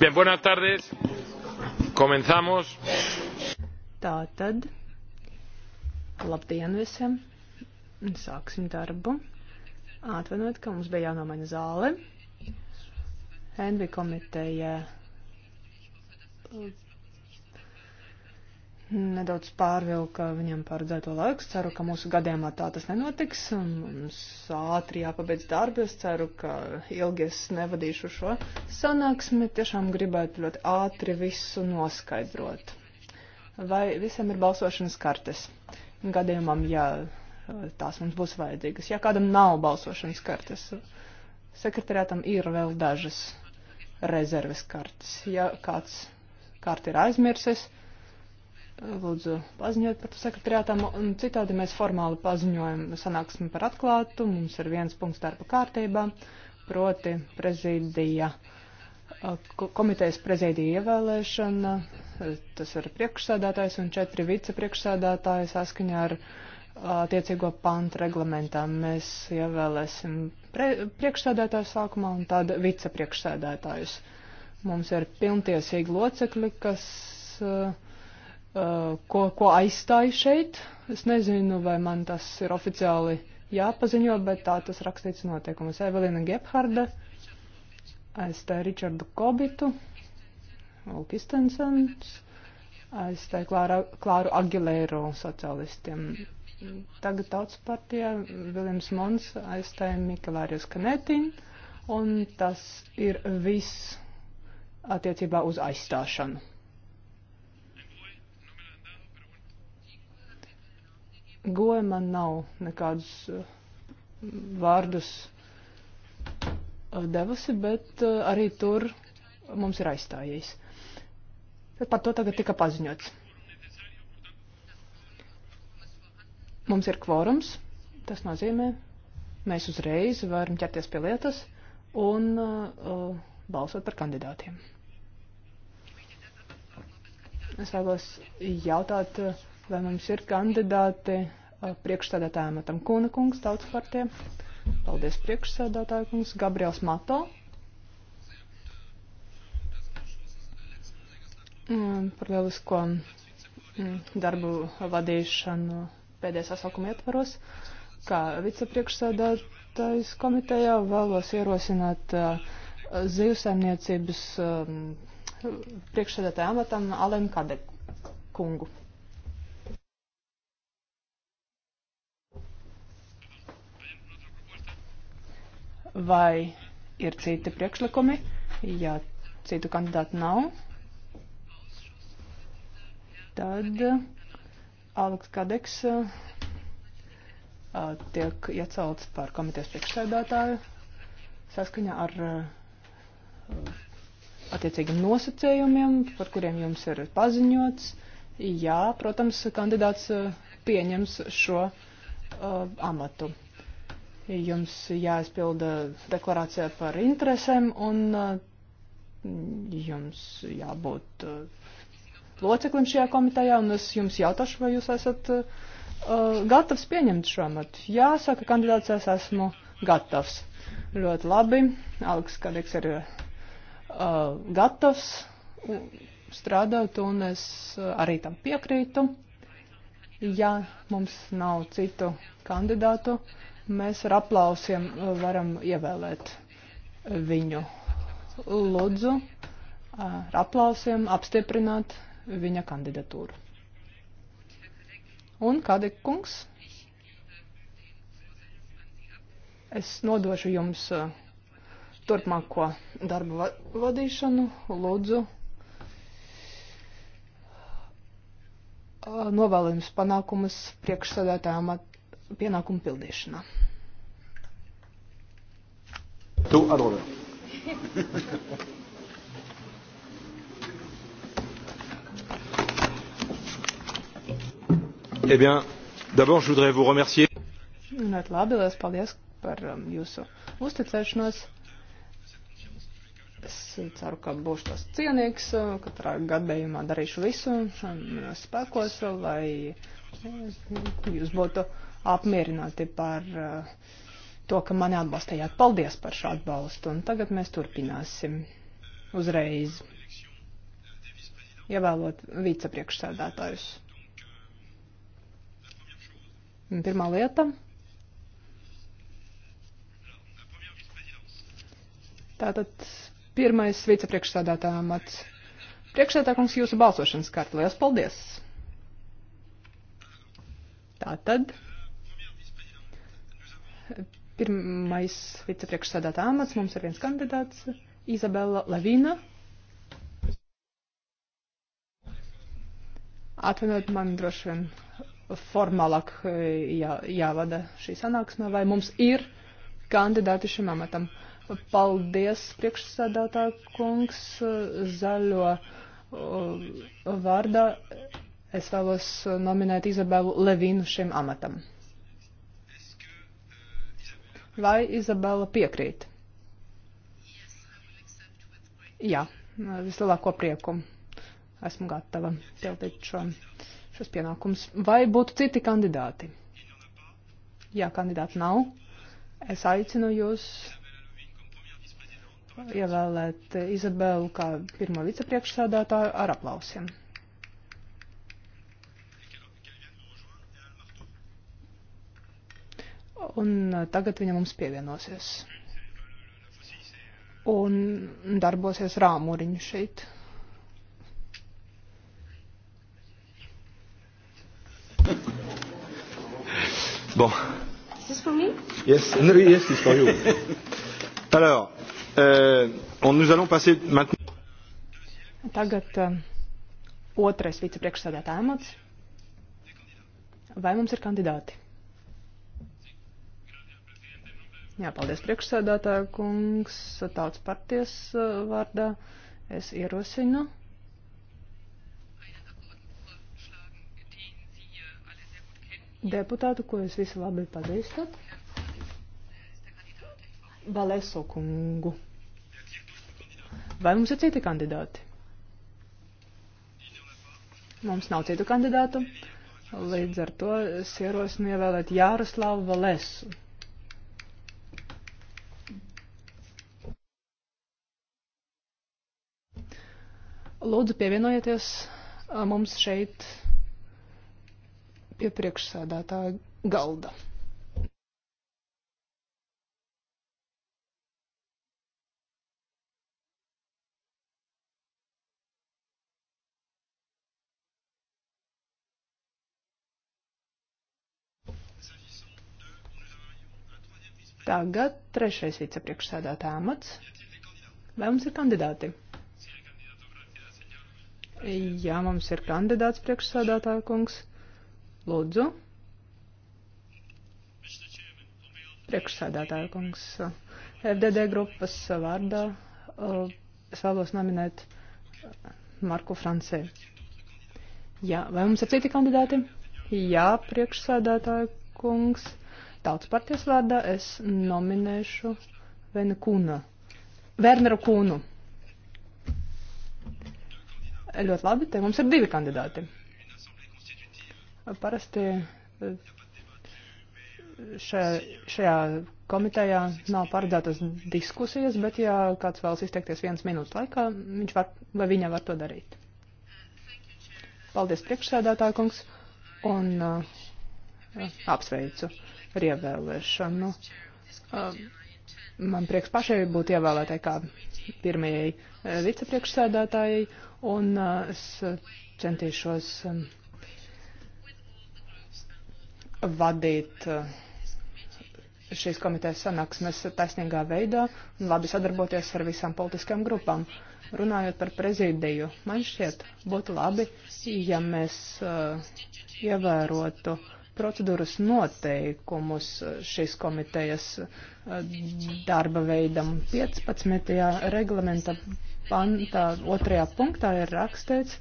Bien, buenas tardes. Comenzamos. Tā tad. Labdien visiem. Sāksim darbu. Atvainojiet, ka mums bija jānomaina zāle. Envi komiteja nedaudz pārvilka viņam paredzēto laiku. Ceru, ka mūsu gadījumā tā tas nenotiks. Mums ātri jāpabeidz darbi. Es ceru, ka ilgi es nevadīšu šo sanāksmi. Tiešām gribētu ļoti ātri visu noskaidrot. Vai visiem ir balsošanas kartes? Gadījumam, ja eh, tās mums būs vajadzīgas. Ja kādam nav balsošanas kartes, sekretariātam ir vēl dažas rezerves kartes. Ja kāds kārti ir aizmirsis, lūdzu paziņot par to sekretariātām, un citādi mēs formāli paziņojam sanāksmi par atklātu, mums ir viens punkts darba kārtībā, proti prezidija, komitejas prezidija ievēlēšana, tas ir priekšsādātājs un četri vicepriekšsādātāji saskaņā ar attiecīgo pantu reglamentā. Mēs ievēlēsim pre, priekšsādātāju sākumā un tāda vicepriekšsādātājus. Mums ir pilntiesīgi locekļi, kas uh, Eh, ko, ko aizstāju šeit. Es nezinu, vai man tas ir oficiāli jāpaziņo, bet tā tas rakstīts noteikumus. Evelina Gebharda aizstāja Richardu Kobitu, Ulkistensens aizstāja Klāra, Klāru Agilēru sociālistiem. Tagad tautas partijā Viljams Mons aizstāja Mikelārijas Kanetiņu, un tas ir viss attiecībā uz aizstāšanu. Goja man nav nekādus eh, vārdus eh, devusi, bet eh, arī tur mums ir aizstājies. Bet par to tagad tika paziņots. Mums ir kvorums, tas nozīmē, mēs uzreiz varam ķerties pie lietas un uh, balsot par kandidātiem. Es vēlos jautāt. Uh, vai mums ir kandidāti eh, priekšsēdētājiem atam Kūna kungs tautas partijā. Paldies priekšsēdētāju kungs. Gabriels Mato. Mm, par lielisko mm, darbu vadīšanu pēdējā sasaukuma ietvaros. Kā vicepriekšsēdētājs komitejā vēlos ierosināt eh, zivsaimniecības mm, priekšsēdētāju amatam Alenu Kadeku kungu. Vai ir citi priekšlikumi? Ja citu kandidātu nav, tad Aleks Kadeks uh, tiek iecelts par komitejas priekšsēdētāju saskaņā ar uh, attiecīgiem nosacējumiem, par kuriem jums ir paziņots. Jā, protams, kandidāts uh, pieņems šo uh, amatu jums jāizpilda deklarācija par interesēm un eh, jums jābūt eh, loceklim šajā komitejā, un es jums jautāšu, vai jūs esat uh, gatavs pieņemt šo amatu. Jāsaka, kandidāts es esmu gatavs. Ļoti labi. Aleks Kadeks ir uh, gatavs strādāt, un es arī tam piekrītu. Ja mums nav citu kandidātu, uh, mēs ar aplausiem uh, varam ievēlēt uh, viņu. Lūdzu, uh, ar aplausiem apstiprināt viņa kandidatūru. Un kādi kungs? Es nodošu jums turpmāko darbu vadīšanu. Lūdzu, novēlējums panākumus priekšsēdētājām at pienākumu pildīšanā. Tu atbildē. eh bien, d'abord, je voudrais vous remercier. Ļoti labi, liels paldies par um, jūsu uzticēšanos. Es ceru, ka būšu tas cienīgs, uh, katrā gadījumā darīšu visu spēkos, lai jūs būtu apmierināti par eh, to, ka mani atbalstījāt. Paldies par šo atbalstu. Un tagad mēs turpināsim uzreiz ievēlot vicepriekšsēdētājus. Pirmā lieta. Tātad pirmais vicepriekšsēdētājā mats. Priekšsēdētājs jūsu balsošanas karta. Lielas paldies! Tātad. Pirmais vicepriekšsēdētā amats mums ir viens kandidāts - Izabela Lavīna. Atvainojiet, man droši vien formālāk eh, jā, jāvada šī sanāksme, vai mums ir kandidāti šim amatam. Paldies, priekšsēdētā kungs, zaļo eh, vārdā. Es vēlos nominēt Izabelu Levīnu šim amatam. Vai Izabela piekrīt? Jā, vislielāko prieku. Esmu gatava pildīt šo, šos pienākumus. Vai būtu citi kandidāti? Jā, kandidāti nav. Es aicinu jūs ievēlēt Izabelu kā pirmo vicepriekšsēdētāju ar aplausiem. un uh, tagad viņa mums pievienosies. Un darbosies rāmuriņu šeit. Bon. Is this for me? Yes, no, yes, it's for you. Alors, euh, on, nous allons passer maintenant. Tagad uh, otrais vicepriekšsēdētāja amats. Vai mums ir kandidāti? Jā, paldies priekšsēdētāja kungs, tautas parties uh, vārdā. Es ierosinu. Deputātu, ko jūs visi labi pazīstat. Valēso kungu. Vai mums ir citi kandidāti? Mums nav citu kandidātu. Līdz ar to es ierosinu ievēlēt Jāroslavu Valēsu. Lūdzu, pievienojieties mums šeit pie priekšsēdētāja galda. Tagad trešais vicepriekšsēdētāja amats. Vai mums ir kandidāti? Jā, mums ir kandidāts priekšsādātāja kungs. Lūdzu. Priekšsādātāja kungs. FDD grupas vārdā uh, es vēlos nominēt uh, Marku Francē. Jā, vai mums ir citi kandidāti? Jā, priekšsādātāja kungs. Tautas partijas vārdā es nominēšu Vena Kuna. Werneru Kūnu. Ļoti labi, te mums ir divi kandidāti. Parasti eh, šajā, šajā komitejā nav paredzētas diskusijas, bet ja kāds vēlas izteikties vienas minūtes laikā, viņš var, vai viņa var to darīt. Paldies priekšsēdētāju kungs un uh, apsveicu ar ievēlēšanu. Uh, man prieks pašai būt ievēlētai kā pirmajai vicepriekšsēdētājai un uh, es uh, centīšos um, vadīt uh, šīs komitejas sanāksmes taisnīgā veidā un labi sadarboties ar visām politiskām grupām. Runājot par prezidiju, man šķiet, būtu labi, ja mēs uh, ievērotu uh, procedūras noteikumus šīs komitejas eh, darba veidam. 15. reglamenta pantā, otrajā punktā ir rakstīts,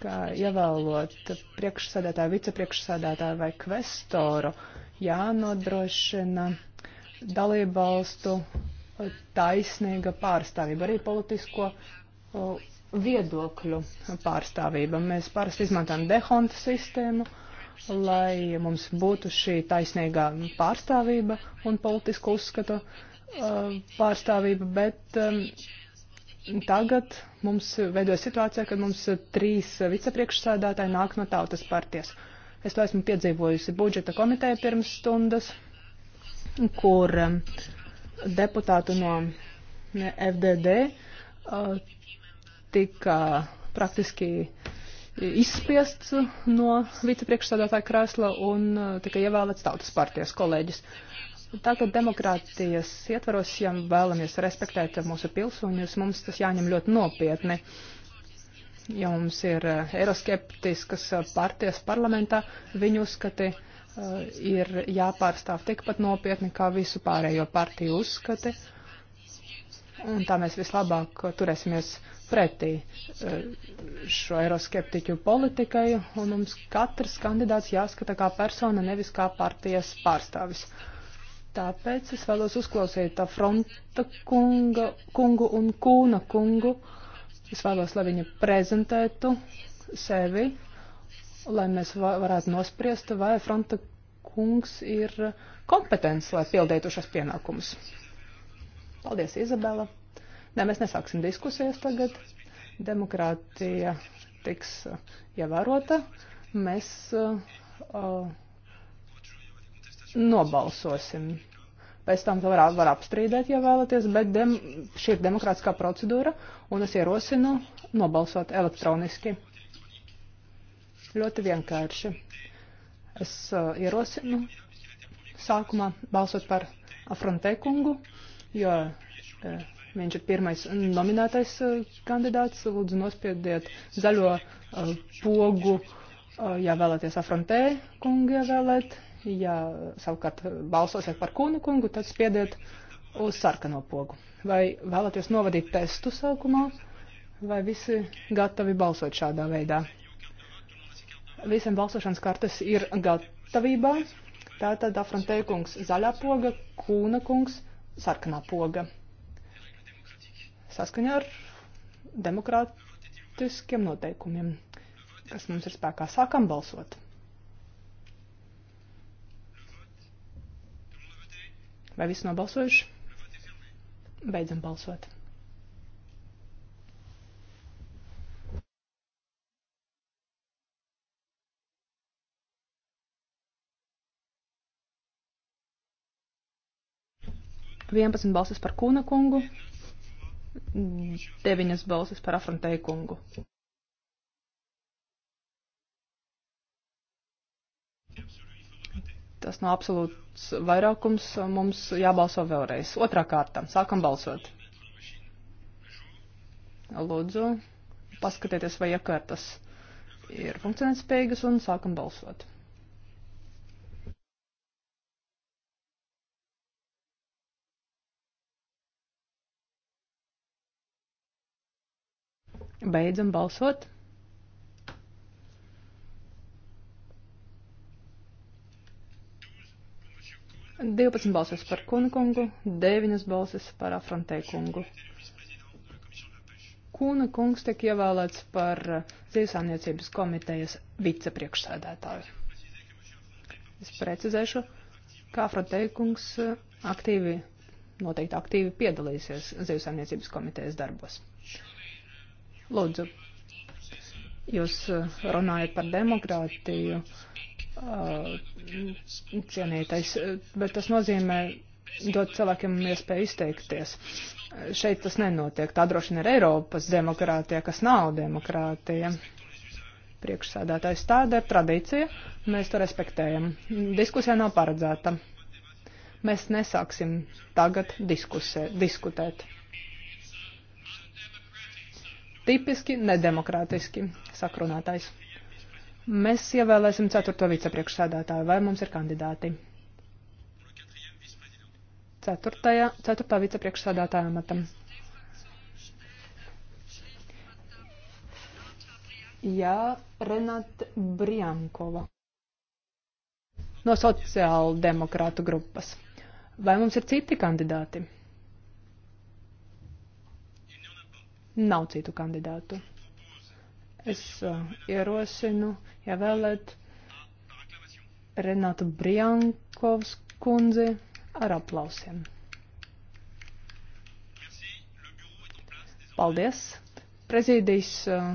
ka ievēlot priekšsēdētāju, vicepriekšsēdētāju vai kvestoru jānodrošina dalībvalstu taisnīga pārstāvība, arī politisko eh, viedokļu pārstāvība. Mēs parasti izmantojam dehonta sistēmu, uh, lai mums būtu šī taisnīgā pārstāvība un politisko uzskatu uh, pārstāvība, bet um, tagad mums veidojas situācija, kad mums trīs vicepriekšsēdētāji nāk no tautas partijas. Es to esmu piedzīvojusi budžeta komiteja pirms stundas, kur um, deputātu no FDD uh, tika praktiski uh, izspiests no vicepriekšsādātāja krēsla un uh, tika ievēlēts tautas partijas kolēģis. Tagad demokrātijas ietvaros, ja vēlamies respektēt mūsu pilsoņus, mums tas jāņem ļoti nopietni. Ja mums ir uh, eiroskeptiskas uh, partijas parlamentā, viņu uzskati ir jāpārstāv tikpat nopietni kā visu pārējo partiju uzskati. Uh, Un tā mēs vislabāk turēsimies pretī eh, šo eiroskeptiķu politikai, un mums katrs kandidāts jāskata kā persona, nevis kā partijas pārstāvis. Tāpēc es vēlos uzklausīt Fronta kunga, kungu un Kūna kungu. Es vēlos, lai viņi prezentētu sevi, lai mēs varētu nospriest, vai Fronta kungs ir kompetents, lai pildītu šos pienākumus. Paldies, Izabela. Nē, mēs nesāksim diskusijas tagad. Demokrātija tiks eh, ievērota. Mēs uh, nobalsosim. Pēc tam to var, var apstrīdēt, ja vēlaties, bet dem, šī ir demokrātiskā procedūra, un es ierosinu nobalsot elektroniski. Ļoti vienkārši. Es uh, ierosinu sākumā balsot par Afrontekungu. kungu jo viņš ir pirmais nominētais uh, kandidāts. Lūdzu, nospiediet zaļo uh, pogu, uh, ja vēlaties afrontē kungu ievēlēt. Ja savukārt balsosiet par kūnu kungu, tad spiediet uz sarkano pogu. Vai vēlaties novadīt testu sākumā, vai visi gatavi balsot šādā veidā? Visiem balsošanas kartes ir gatavībā. Tātad afrontē kungs zaļā poga, kūna kungs sarkanā poga. Saskaņā ar demokrātiskiem noteikumiem, kas mums ir spēkā, sākam balsot. Vai visi nobalsojuši? Beidzam balsot. 11 balsis par Kūna kungu, 9 balsis par Afrontēju kungu. Tas nav absolūts vairākums, mums jābalso vēlreiz. Otrā kārta, sākam balsot. Lūdzu, paskatieties, vai iekārtas ir funkcionēt spējīgas un sākam balsot. Beidzam balsot. Divpadsmit balsis par Kunkungu, deviņas balsis par Afrontē kungu. Kuna kungs tiek ievēlēts par Zīvsāniecības komitejas vicepriekšsēdētāju. Es precizēšu, kā Afrontē kungs aktīvi, noteikti aktīvi piedalīsies Zīvsāniecības komitejas darbos. Lūdzu, jūs uh, runājat par demokrātiju, uh, cienītais, uh, bet tas nozīmē dot cilvēkiem iespēju izteikties. Šeit tas nenotiek. Tā droši vien ir Eiropas demokrātija, kas nav demokrātija. Priekšsēdētājs tāda ir tradīcija, mēs to respektējam. Diskusija nav paredzēta. Mēs nesāksim tagad diskusē, diskutēt. Tipiski nedemokrātiski, sakrunātais. Mēs ievēlēsim ceturto vicepriekšsēdētāju. Vai mums ir kandidāti? Ceturtajā, ceturtā vicepriekšsēdētāja amatam. Jā, Renata Briankova. No sociāldemokrātu grupas. Vai mums ir citi kandidāti? Nav citu kandidātu. Es uh, ierosinu ievēlēt ja Renātu Briankovs kundzi ar aplausiem. Paldies! Prezidijas, uh,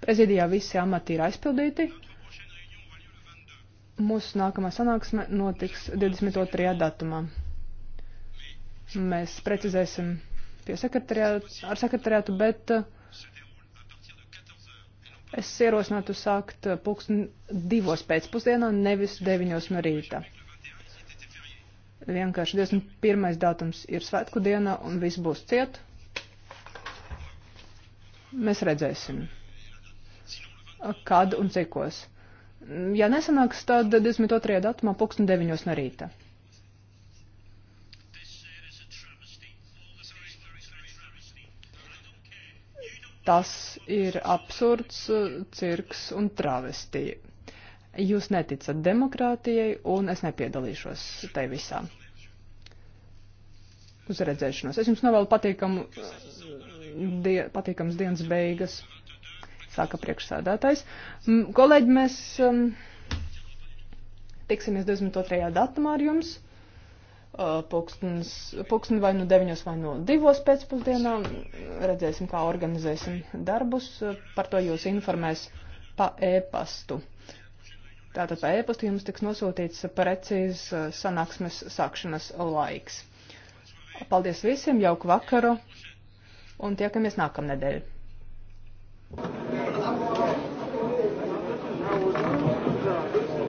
prezidijā visi amati ir aizpildīti. Mūsu nākamā sanāksme notiks 22. datumā. Mēs precizēsim pie sekretariātu, ar sekretariātu, bet eh, es ierosinātu sākt eh, pulksten divos pēcpusdienā, nevis deviņos no rīta. Vienkārši 21. datums ir svētku diena un viss būs ciet. Mēs redzēsim, kad un cikos. Mm, ja nesanāks, tad 22. datumā pulksten 9. no rīta. Tas ir absurds, cirks un travestija. Jūs neticat demokrātijai, un es nepiedalīšos tai visā. Uz redzēšanos. Es jums novēlu patīkamu, die, patīkams dienas beigas, saka priekšsēdētājs. Kolēģi, mēs um, tiksimies 22. datumā ar jums. Uh, pulkstens, pulksteni vai nu deviņos vai nu divos pēcpusdienā. Redzēsim, kā organizēsim darbus. Par to jūs informēs pa e-pastu. Tātad pa e-pastu jums tiks nosūtīts precīzs uh, sanāksmes sākšanas laiks. Paldies visiem, jauku vakaru un tiekamies nākamnedēļ. Thank you.